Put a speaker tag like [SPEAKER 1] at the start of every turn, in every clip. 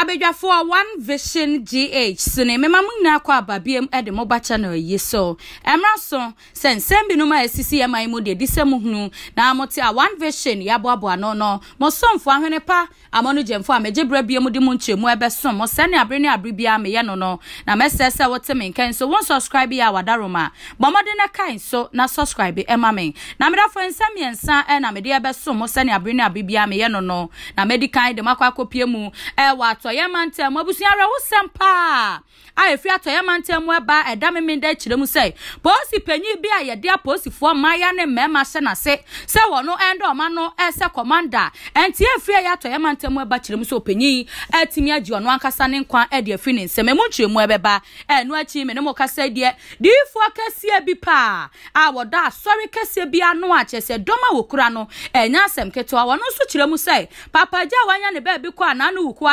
[SPEAKER 1] abadwafoɔ one vision gh so ne mmɛma mu nyinaa kɔ abaabia mu de mo ba no yi so mmerɛ so sɛ nsɛm binom a ɛsisi ɛman mu deɛ di sɛ mo hunu na mo te a one vision yɛaboaboa no no mo somfo ahwene pa amɔnogyɛmfo a megye berɛ bia mu de mu nkyɛmu ɛbɛsom mo sɛne abere ne abere bia meyɛ no no na mɛsɛ sɛ wote me nkɛn so wɔn subscribe yɛ a wadaroma bɔ mmɔden no kae so na subscribe ɛma e me na medafoɔ nsɛm mmiɛnsa ɛna e mede ɛbɛsom mo sɛne abere ne abere bia meyɛ no no na medi kan de makɔ akɔpie mu ɛwɔ e atɔ atɔyɛ mantam abusua ara wosɛm paa a ɛfiri atɔyɛ mantam ɛba ɛda meme da akyerɛ mu sɛ polisi panyin bi a yɛde apolisifoɔ mmaayewa ne mmarima hyɛ n'ase sɛ wɔn ɛnda ɔma no ɛsɛ kɔmanda ɛnti ɛfiri ɛyɛ atɔyɛ mantam ɛba kyerɛ mu sɛ panyin ɛtumi agye ɔno ankasa ne nkwa ɛde afiri ne nsɛm ɛmu nkyerɛ mu ɛbɛba ɛno akyi me ne mo kasa deɛ diifoɔ kɛseɛ bi paa a wɔdɔ asɔre kɛseɛ bi ano a kyerɛ sɛ dɔm a wɔkura no ɛnyɛ asɛm ketewa wɔn nso kyerɛ mu sɛ papagya a wanya ne baabi kɔ a n'ano wuku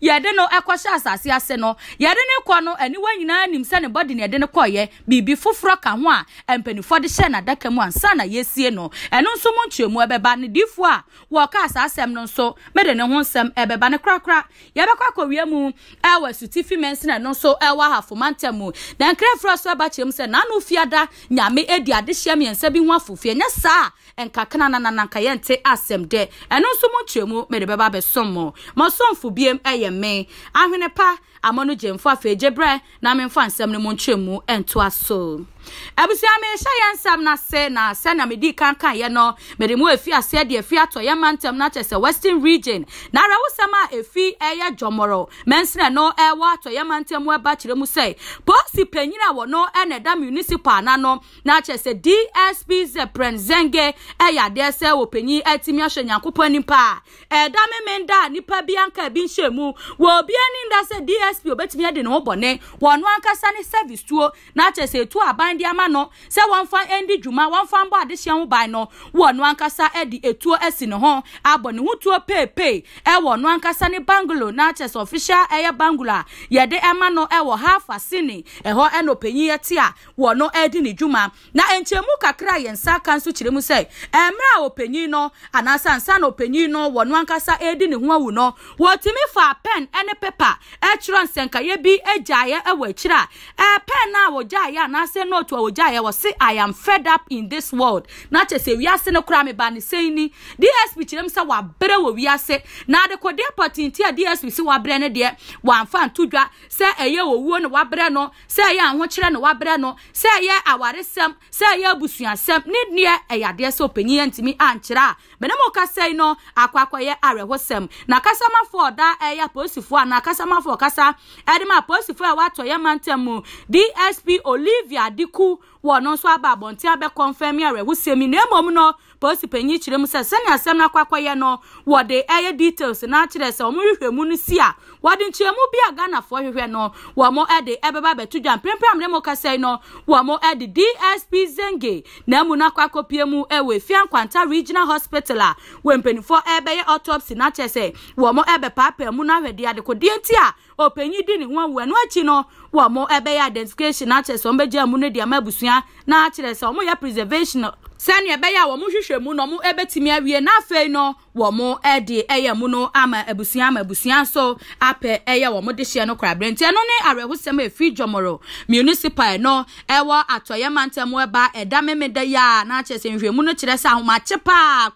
[SPEAKER 1] yɛde no ɛkɔhyɛ asase ase no yɛde ne kɔ no aniwa nyinaa nim sɛ ne bɔde ne yɛde ne kɔɔyɛ biribi foforɔ ka ho a mpanimfoɔ de hyɛ n'adaka mu ansa na yɛsie no ɛno nso mu nkyerɛmu ɛbɛba ne diifoɔ a wɔka saa asɛm no nso mede ne ho nsɛm ɛbɛba ne korakora yɛbɛkɔ akɔwie mu ɛwɔ asutifi mɛnsin ɛno nso ɛwɔ ahafoma ntɛm mu na nkrɛfoɔ so ɛba kyerɛm sɛ n'ano fiada nyame edi adehyɛ mmiɛnsa bi ho afofie nyɛ saa nkakana nanananka yɛnte asɛm dɛ ɛno nso mu nkyerɛmu mede bɛba abɛsom mo mɔsomfo biem ɛyɛ I'm me ahwene pa amanu gyemfo afei gyebrɛ na memfa nsɛm no mu ntwɛ mu ɛntoa so abusua mi hyɛ yɛn nsɛm n'ase na sɛnea mi di kankan yɛ no mɛde mu efi aseɛ deɛ efi atɔ yɛn mma ntɛm sɛ western region na arawusɛm a efi ɛyɛ dɔmɔrɔ mɛnsirɛ no ɛwɔ atɔ yɛn mma ntɛm mu ɛba kyerɛ mu sɛ polisi panyin a wɔ no ɛna ɛda municipal n'ano na kyɛ sɛ dsp zepren zenge ɛyɛ adeɛ sɛ wɔ panyin ɛtumi ahyɛ nyankopɔn nipa ɛda mímí da nipa bi anka ebi nhyɛ mu wɔ obi anim da sɛ dsp sp obetumi de ne ho bɔne wɔn ankasa ne service tuo na sɛ etu aban de ama no sɛ wɔnfa ndi dwuma wɔnfa mbɔ adehyɛ ho ban no wɔn ankasa de etuo asi ne ho abɔ ne ho tuo peepee ɛwɔ no ankasa ne bangalo na sɛ official ɛyɛ bangalo a yɛde ɛma no ɛwɔ hafa sini ɛhɔ ɛna opanyin ɛte a wɔn no ɛdi ne dwuma na nkyɛnmu kakra yɛn nsa aka nso kyerɛ mu sɛ ɛmmerɛ a opanyin no anaasɛ nsa na opanyin no wɔn ankasa ɛdi ne ho awu no wɔtumi fa pen ɛne paper kyerɛ nsɛnkaeɛ bi agyaeɛ wɔ akyire a ɛpɛn no a wɔgyaeɛ anaasɛ note a wɔgyaeɛ wɔ se i am fed up in this world na kyɛ sɛ wiase no koraa meba ne sɛn ni dsp kyerɛm sɛ wabrɛ wɔ wiase na adekodeɛ pɔtinti a dsp si wabrɛ no deɛ wamfa nto dwa sɛ ɛyɛ owuo ne wabrɛ no sɛ ɛyɛ ahokyerɛ ne wabrɛ no sɛ ɛyɛ awaresɛm sɛ ɛyɛ abusuasɛm ne deɛ ɛyɛ adeɛ sɛ ɔpanyin ntumi ankyerɛ a bɛnam ɔkasa yi no akɔ akɔyɛ awerɛhosɛm na kasamafoɔ ɔda ɛyɛ apolisifoɔ anaa kasamafoɔ kasa ɛde ma apolisifoɔ a wɔatɔ yɛ mantam mu dsp olivia diku wɔno nso aba abɔnten abɛkɔnfɛm yɛ awerɛhosie mi na mmom no polisi panyin kyerɛ mu sɛ sɛnea asɛm no akɔakɔyɛ no wɔde ɛyɛ details na akyerɛ sɛ wɔn rehwɛ mu no si a wɔde nkyerɛmu bi a ghanafoɔ hwehwɛ no wɔn ɛde ɛbɛba abɛto dwa mpempem ne mu kasa yi no wɔn ɛde dsp zenge na emu no akɔakɔpie mu ɛwɔ efia nkwanta regional hospital a wɔn mpanimfoɔ ɛbɛyɛ autopsy na kyerɛ sɛ wɔn ɛbɛpaapaa mu na ahwɛ deɛ adekodeɛ nti a ɔpanyin di ne ho awu ɛno akyi no wo a mo ɛbɛyɛ identification akyerɛ sɛ ɔmo bɛgye ɛmu no deɛ ama abusua na akyerɛ sɛ ɔmo yɛ preservation sɛnea ɛbɛyɛ a wɔn hwehwɛ mu na wɔn bɛtumi awie na afei no wɔn de ɛyɛ mu no ama abusua ama abusua nso apɛ ɛyɛ wɔn de hyɛ no kora aberɛnti ɛno ne awerɛhosɛm a efi dwomoro municipal no ɛwɔ atɔyɛ mantam ɛba ɛda mmemmeda yi a n'akyɛ sɛ nhwɛmu no kyerɛ sɛ ahomakye paa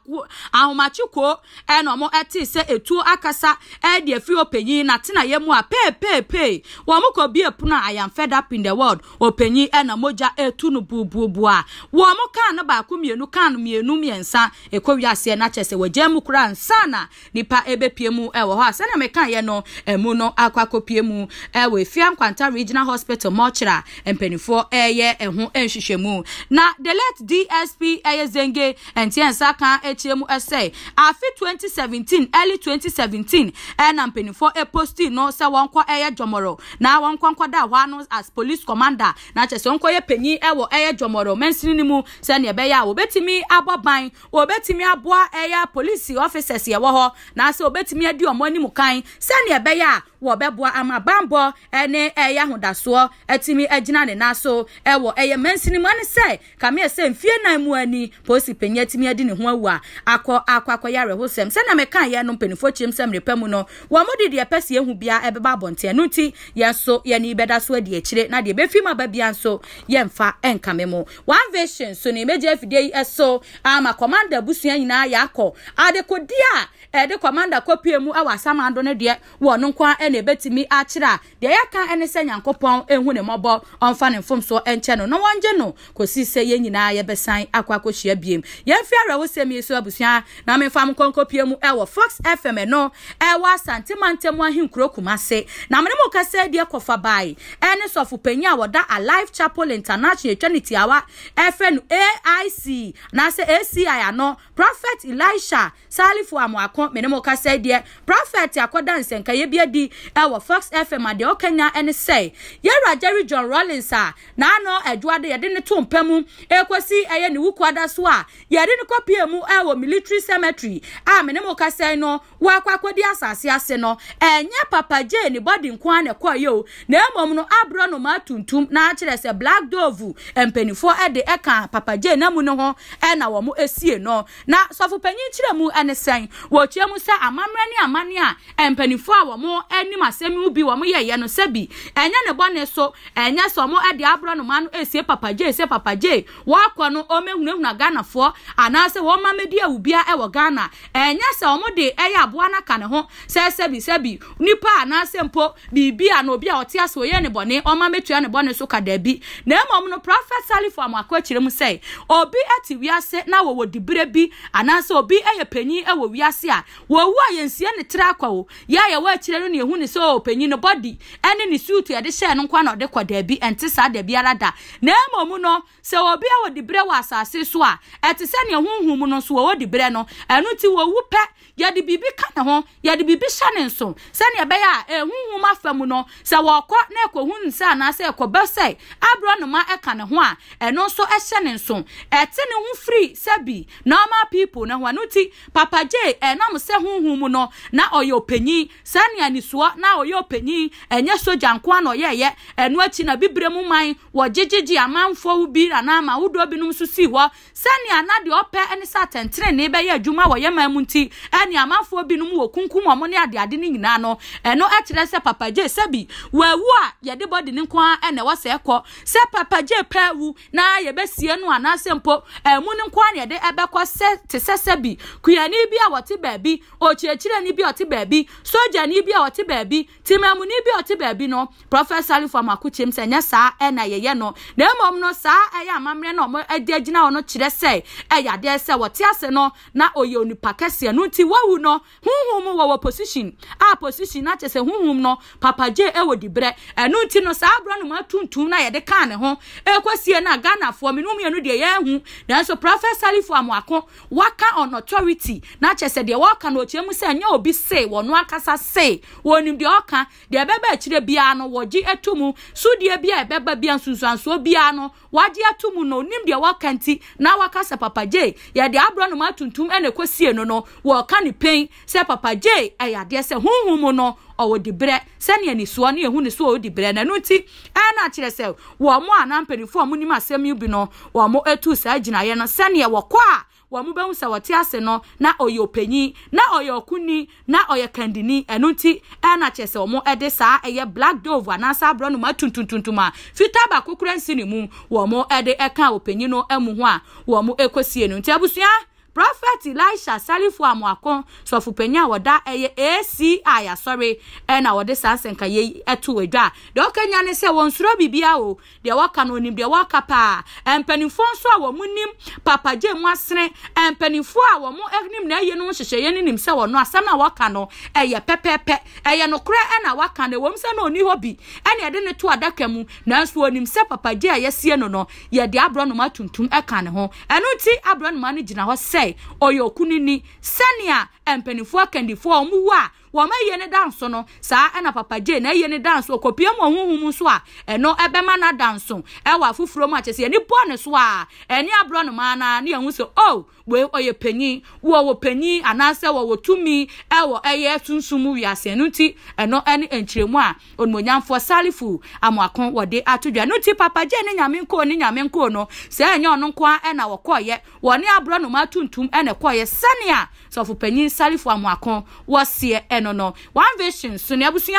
[SPEAKER 1] ahomakye ko ɛna wɔn te sɛ etu akasa ɛde efi opanyin n'atenayɛ mu a peepeepee wɔn kɔ bie pono a I am fed up in the world opanyin ɛna mogya etu no buubuubu a wɔn kaa no baako baako mmienu kan mmienu mmiɛnsa ɛkɔ wiaseɛ no akyɛ sɛ wɔgya mu koraa nsa na nipa ɛbɛpie mu ɛwɔ hɔ a sɛnea mekaeɛ no ɛmu no akɔ akɔpie mu ɛwɔ efia nkwanta regional hospital mɔkyerɛ a mpanimfoɔ ɛɛyɛ ɛho nhwehwɛmu na the late dsp ɛyɛ zenge ntiɛnsa kan akyire mu ɛsɛ afe 2017 early 2017 ɛna mpanimfoɔ ɛposti no sɛ wɔnkɔ ɛyɛ dɔmɔrɔ na wɔnkɔ nkɔda hɔ ano as police commander na kyɛ sɛ wɔnkɔ yɛ panyin ɛwɔ ɛyɛ dɔmɔrɔ mɛnsini ne mu sɛnea ɛbɛyɛ a obetumi abɔ ban obetumi aboa ɛyɛ polisi officers yɛwɔ hɔ na sɛ obetumi adi ɔmo anim kan sɛnea ɛbɛyɛ a wɔbɛboa ama bambɔ ne ɛyɛ ahodasoɔ atumi agyina ne nan so ɛwɔ ɛyɛ mmansinim ne sɛ kamea sɛ mfie nan mu ani polisi panyin atumi adi ne ho awu a akɔ akɔ akɔyɛ awerɛhosɛm sɛnea meka yɛ no mpanimfoɔ kyerɛm sɛ mmerɛpɛ mu no wɔn mo de deɛ pɛ si ehu bia ɛbɛba abɔnten no ti yɛn nso yɛn ni bɛda so adi akyire na deɛ bɛfi mu aba bia nso yɛmfa nkame mu one vision so ne mmegye afidie yi ɛso ama kɔmanda abusua nyinaa yɛ akɔ adekodi a ɛde kɔmanda kɔpie mu ɛwɔ asamando ne deɛ wɔ no nko ara na ebetumi akyerɛ a deɛ yɛka ɛne sɛ nyankopɔn ehu ne mmɔbɔ ɔmfa ne mfom so no na wɔngye no kɔsi sɛ yɛn nyinaa yɛbɛsan akɔ akɔhyia biem yɛmfi awerɛwosɛm yi so abusua na memfa m nkɔnkɔpie mu ɛwɔ fox fm no ɛwɔ asantemantam ahenkuro kumase na mene mu kɛsɛ deɛ kɔfa bae ɛne sɔfo panyin a wɔda alive chapel international atwa ne tiawa ɛfrɛ no aic anaasɛ aci ano prophet elisha salifo amoako mene mu kasa deɛ prophet akɔda nsɛnkayɛ bi adi ɛwɔ fox fm adeɛ ɔkanya ɛne sɛ yɛwura jerry john rollins a n'ano adwuade yɛde ne to mpa mu ekosi ɛyɛ ne wukuada so a yɛde ne kɔpie mu ɛwɔ military cemetery a mene mo kasɛn no wakɔ akɔdi asase ase no ɛnyɛ papa gye ne bɔdi nko ara na ɛkɔɔ yɛ o na emom no aborɔ no ma tuntum n'akyerɛ sɛ black dove mpanyinfoɔ ɛde ɛka papa gye n'amu ne ho ɛna wɔn esie no na sɔfo panyin kyerɛ mu ɛne sɛn wɔtua mu sɛ amammerɛ ne amane a mpanyinfoɔ a wɔn ɛne anim asɛm mu bi wɔn yɛyɛ no sɛbi ɛnyɛ ne bɔne so ɛnyɛ sɛ wɔn de aborɔ no ma no esie papagye esie papagye wɔakɔ no wɔmɛhunahuna ghanafoɔ anaasɛ wɔn ma mɛdi awubia ɛwɔ ghana ɛnyɛ sɛ wɔn de ɛyɛ aboa n'aka ne ho sɛ sɛbi sɛbi nipa anaasɛ mpo biribi a na obi a ɔte ase oyɛ ne bɔne wɔn mɛtua ne bɔne so ka daabi na emu no prɔfɛt salifo amakɔ akyire mu sɛ obi ɛte wiase na wɔwɔ dibire bi anaasɛ obi ɛyɛ panyin ɛwɔ wiase a wɔwu a yɛnsie ne tiri akɔ o yɛ a yɛwɔ akyire no ne sɛ ɔpanyin no bɔdi ɛne ne suit yɛde hyɛɛ no nkwa na ɔde kɔ daabi ɛnte saa da biara da na mmom no sɛ obi a wɔde berɛ wɔ asase so a ɛte sɛ nea honhom no nso wɔwɔ de berɛ no ɛno nti wɔwu pɛ yɛde biribi ka ne ho yɛde biribi hyɛ ne nso sɛnea ɛbɛyɛ a ɛhonhom afa mu no sɛ wɔkɔ na ɛkɔhu ne sɛ anaasɛ ɛkɔbɛ sɛ aborɔ noma ɛka ne ho a ɛno nso ɛhyɛ ne nso ɛte ne ho firi sɛ bi normal people ne ho ɛno nti papa gye ɛnam sɛ honhom no na ɔyɛ ɔpanyin sɛnea nisoɔ hɔ na ɔyɛ ɔpanyin ɛnyɛ sogya nko ana ɔyɛɛyɛ ɛno akyi na bibire mu man wɔgyegyegye amanfoɔ wo bi anaama ahodoɔ binom nso sii hɔ sɛnea na deɛ ɔpɛ ne sɛ atɛntenenee bɛyɛ adwuma wɔ yɛma mu nti ɛne amanfoɔ binom wɔ kunkum ɔmo ne adeade no nyinaa no ɛno ɛkyerɛ sɛ papagye sɛbi wɔawu a yɛde bɔde ne nko ara ɛna ɛwɔ sɛ ɛkɔ sɛ papagye pɛ wu na yɛbɛsie no anaasɛ mpo ɛmu ne nko ara yɛde ɛbɛkɔ sɛ te sɛ sɛbi kuyani bi a wɔte baabi okyiakyirani bi a ɔte baabi sogyani bi a ɔte baabi baabi ti mmamuni bi ɔte baabi no prɔfɛt salifo amakukyem sɛ nyɛ saa ɛna yɛyɛ no na mmom no saa ɛyɛ amammerɛ na ɔmo ɛde agyina hɔ no kyerɛ sɛ ɛyɛ adeɛ sɛ wɔte ase no na ɔyɛ onipa kɛseɛ no nti wawu no huhum wɔ wɔ position a position na kyerɛ sɛ huhum no papa gye ɛwɔ di berɛ ɛno nti no saa aborɔ no mu atuntum na yɛde kaa ne ho ɛkɔsie na ghanafoɔ minu mmienu deɛ yɛahu nanso prɔfɛt salifo amoako waka on authority na kyerɛ sɛ deɛ wɔka mu sɛ nyɛ se wɔn ankasa se onim deɛ ɔka deɛ ɛbɛba akyire biara no wɔgye ato mu sudeɛ bi a ɛbɛba bia nsunsuansoɔ biara no wagye ato mu no. onim deɛ wɔka nti na waka sɛ papa gye yɛde aborɔ nom atuntum ɛna ɛkɔsie no no wɔɔka ne pɛn sɛ papa gye ɛyɛ adeɛ sɛ honhom mu no ɔwɔ di berɛ sɛnea nisuo no yɛhu ne so ɔwɔ di berɛ na ɛno nti ɛna akyerɛ sɛ wɔn a na mpanimfoɔ a wɔn nim asɛm yi bi no wɔn atu saa gyinaeɛ no sɛnea wɔkɔ a wɔn mo bɛhu sɛ wɔte ase no na ɔyɛ ɔpanyin na ɔyɛ ɔkunni na ɔyɛ kandini ɛno nti ɛna kyerɛ sɛ wɔn de saa ɛyɛ black dove anaasɛ aborɔnoma tuntuntuntum a fitaa baako kura nsi ne mu wɔn de ɛka ɔpanyin no mu ho a wɔn kɔsie no nti abusua prophet elisha salifo amuakon sɔfo panyin a wɔda ɛyɛ aci asɔre ɛna wɔde saa nsɛnka yɛ ɛto adwa deɛ ɔkanya ne sɛ wɔn soro bibia o deɛ wɔka no onim deɛ wɔka paa mpanimfoɔ nso a wɔn nim papagye mu asene mpanimfoɔ a wɔn anim na ɛyɛ no nhyehyɛeɛ no nim sɛ wɔn asɛm a wɔka no ɛyɛ pɛpɛɛpɛ ɛyɛ nokorɛ ɛna wɔka no wɔn sɛ no oni hɔ bi ɛna yɛde ne to adaka mu nanso onim sɛ papagye a yɛsie no no yɛde aborɔnoma tuntum ɛka ne ho ɛno ti aborɔnoma no gyina hɔ sɛ ɔyɛ okunini sɛnea mpanimfoɔ akandifoɔ a wɔn wu a wɔn ayɛ ne danso no saa ɛna papa gye na ayɛ ne danso kopie mu ohunhun mu nso a ɛno ɛbɛma na danso ɛwɔ afoforo mu akyɛ sɛ yɛne bɔ ne so a ɛne aborɔ no maa na ne yɛn ho sɛ o oh, wei ɔyɛ panyin wɔwɔ panyin anaasɛ wɔwɔ tumi ɛwɔ ɛyɛ sunsun mu wiase ɛno ti ɛno ɛne nkyiremu a onimonyamfoɔ salifu amoako wɔde ato dwa ɛno ti papa gye ne nyame nkoo ne nyame nkoo no sɛ ɛnyɛ ɔno nko ara ɛna wɔkɔɔyɛ wɔne aborɔ no maa tuntum ɛna ɛkɔɔyɛ sɛnea sɔfopanyin salifu amoako wɔseɛ ɛ no no one vision so ne abusua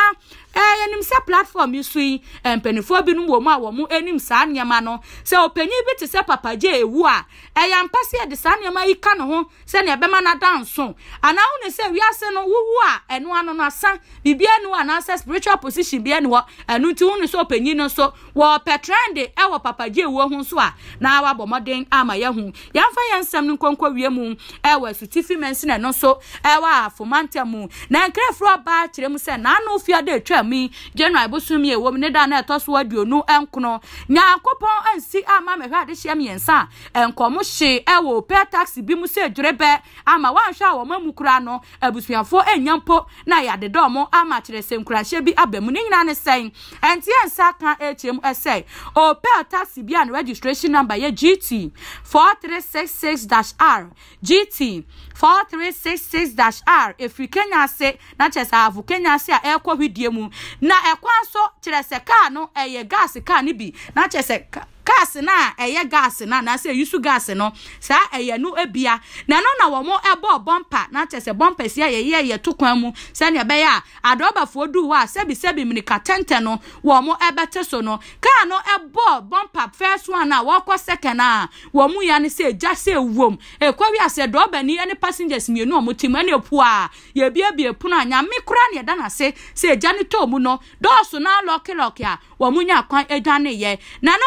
[SPEAKER 1] Eh, yɛnim sɛ platform yi so yi eh, mpanimfoɔ binom wɔ mu a wɔn anim saa nneɛma no sɛ ɔpanyin bi te sɛ papa gye ewu a ɛyɛ eh, mpa sɛ yɛde saa nneɛma yi ka ne ho sɛnea ɛbɛma n'adanso anaa wɔn sɛ wiase no wuwu a ɛno ano no asa biribi ɛnu anaasɛ spiritual position bi ɛnu hɔ ɛnu ti wɔn nso ɔpanyin no nso wɔpɛ trend ɛwɔ papa gye ewu ho nso a na wabɔ mmɔden ama yɛ ho yɛnfa yɛn nsɛm no nkonko wie mu ɛwɔ asutifi mɛnsin ɛno nso ɛwɔ afomantɛ mu na nkrɛfoɔ de atwa mi january bosom yi ɛwɔ mu ne da na ɛtɔ so aduonu nkono nyankopɔn ansi ama mɛhwɛ adehyeɛ mmiɛnsa a nkɔmo hye ɛwɔ pɛ taxi bi mu sɛ dwere bɛ ama wanhwɛ a wɔn amu kura no abusuafoɔ ɛnya mpo na yɛadeda wɔn ama kyerɛ sɛ nkuranhyɛ bi aba mu ne nyinaa ne sɛn ɛnteɛ nsa ka ɛkyɛm O opel taxi bi a ne registration number yɛ gt four three six six dash r gt four three six six dash r efiri kenya ase na kyerɛ sɛ ahafo kenya ase a ɛrekɔ hwidie mu na ɛkwan so kyerɛ sɛ kaa no ɛyɛ gas kaa no bi na kyerɛ sɛ gas no a ɛyɛ gas no anaasɛ ɛyusu gas no saa ɛyɛ no ebia na no na wɔn ɛbɔ bɔmpa na kyerɛ sɛ bɔmpa si a yɛyɛ yɛ to kwan mu sɛnea ɛbɛyɛ a adɔbafoɔ duu hɔ a sɛbi sɛbi mirika tɛntɛn no wɔn ɛbɛte so no kaa no ɛbɔ bɔmpa first one na wɔkɔ second na wɔn mu ya no sɛ egya sɛ ewom ekɔ wi asɛ dɔbani ɛne passengers mmienu a wɔn ti mu ɛne epu a yɛbiebie pono a nyame kura ne ɛda n'ase sɛ egya ne tɔɔ mu no dɔɔso na lɔkilɔki a wɔn nya kwan edwa ne yɛ na no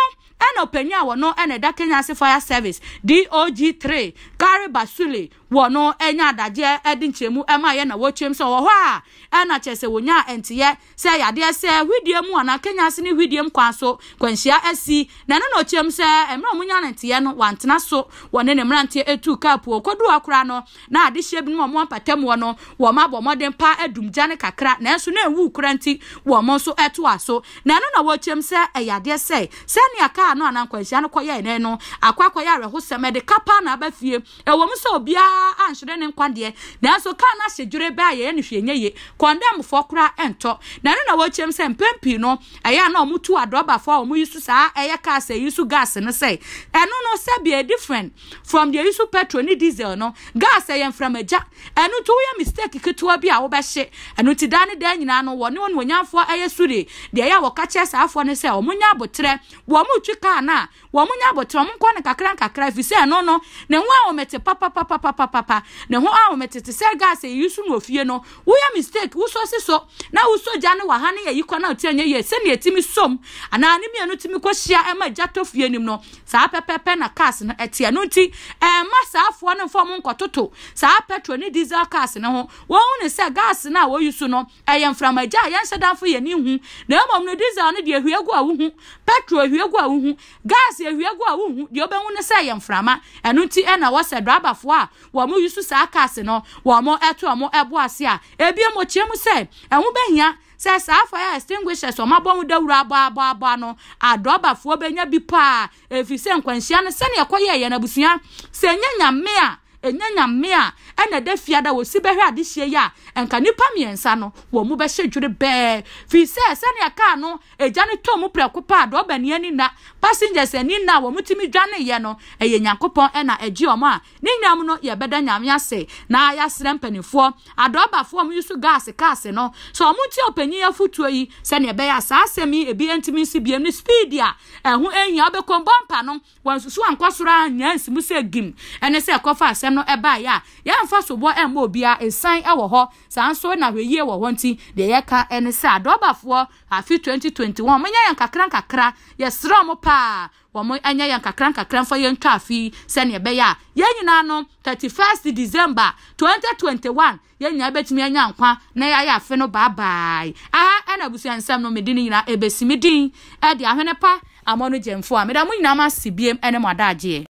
[SPEAKER 1] ɛna ɔpanyin a no ɛna ɛda kenya ase fire service dog three kari basule wɔ no nya adagyeɛ ɛde nkyerɛmu ɛma yɛ na wɔtwam sɛ wɔ hɔ a ɛna sɛ wɔnya sɛ yadeɛ hwidie mu anaa kenya mu kwan so kwanhyia na ɛno na sɛ mmerɛ a wɔnya nteɛ so wɔne ne mmeranteɛ etu kodu akora no na adehyɛ bi mu a wɔn apatam wɔ no wɔn abɔ pa adum gya ne kakra na nso na ewu kura nti wɔn nso ɛto aso na ɛno na sɛ sɛ kapa na aba fie koraa anhwere ne nkwa deɛ nanso kaa no ahyɛ dwere bɛɛ a yɛyɛ no hwee nyɛ ye kɔndamfoɔ koraa ɛntɔ na ɛno na wɔkyɛm sɛ mpɛn pii no ɛyɛ a na ɔmotu adɔbafoɔ a ɔmo yi so saa ɛyɛ kaa sɛ yi so gas no sɛ ɛno no sɛbeɛ different from deɛ yi so petrol ne diesel no gas ɛyɛ mframagya ɛno nti woyɛ mistake ketewa bi a wobɛhye ɛno nti daa ne daa nyinaa no wɔne wɔn wɔnyanfoɔ ɛyɛ sure deɛ ɛyɛ a wɔka kyerɛ saafoɔ no sɛ wɔn nyɛ abotrɛ wɔn mo twi kaa no a wɔn nyɛ abotrɛ wɔn nkɔ ne kakra nkakra efisɛ ɛno no ne ho a wɔn mɛte papapapapa papapapa na ho a wɔmɛtete sɛ gas ɛyi so no ofie no woyɛ mistake wosɔ si so na wosɔ gya ne wɔ ha ne yɛyi kɔ na ɔtɛ nyɛ yie sɛnea ɛtumi som anaa ne mmienu tumi kɔ hyia ɛma gya tɔ fie nim no saa pɛpɛpɛ na cars no ɛteɛ no ti. ɛma saa afoɔ no mfa ɔmo nkɔtoto saa petrol ne diesel cars no ho wɔn ne sɛ gas no a wɔyi so no ɛyɛ mframagya a yɛn hyɛdanfo yɛ ne hu na mmom no diesel no deɛ ehwie gu a wohu petrol ehwie gu a wohu gas ehwie gu a wohu deɛ ɔbɛhu ne sɛ ɛyɛ mframa ɛno nti ɛna wɔsɛ drabafoɔ a wɔn mo yusu saa cars no wɔn to wɔn ɛbo ase a ebi mo kyerɛ mu sɛ ɛho bɛhia sɛ saa fire extinguishers wɔn abɔ ho dawuro aboaboaboa no adɔbafoɔ bɛnya bi paa efi sɛ nkwanhyia no sɛnea ɛkɔyɛ yɛn abusua sɛ nyɛ nyame a ɛnyɛ nyame a ɛna ɛda fia da wɔsi bɛhwɛ adehyeɛ yi a ɛnka nipa mmiɛnsa no wɔn mu bɛhyɛ dwere bɛɛ firi sɛ sɛnea kaa no egya no tɔn mu prɛko paa dɔba ni ani na passengers ani na wɔn ti mi dwane yɛ no ɛyɛ e nyankopɔn ɛna ɛgye wɔn a ne nyinaa mu no yɛbɛda nyame ase na yɛasrɛ mpanimfoɔ adɔbafoɔ mu yi so gaase kaase no sɛ wɔn ti ɔpanyin afutuo yi sɛnea ɛbɛyɛ a saa asɛm yi ebi ntumi nsi biem ne speed a ɛho ehia ɔbɛkɔ bɔmpa no wɔn nsusu ankɔsoro a nyɛ nsimu sɛ gim ɛne sɛ ɛkɔfa e asɛm no ɛbaeɛ a yɛmfa soboɔ ɛmmɔ obiara esan ɛwɔ hɔ saa nso na hwɛyie wɔ hɔ nti deɛ yɛka ɛne sɛ adɔbafoɔ afe 2021 monyɛ yɛn kakra nkakra yɛsrɛ mo paa wɔn nyɛ yɛn kakra nkakra mfa yɛn ntwa afi sɛnea ɛbɛyɛ a yɛn nyinaa no 31st december 2021 yɛn nyinaa bɛtumi anya nkwa na yɛayɛ afe no baabae aha ɛna abusua nsɛm no mede ne nyinaa ebesi me din ɛde ahwene pa amɔ no gyɛmfoɔ a meda mo nyinaa ma si biem ɛne mo adagyeɛ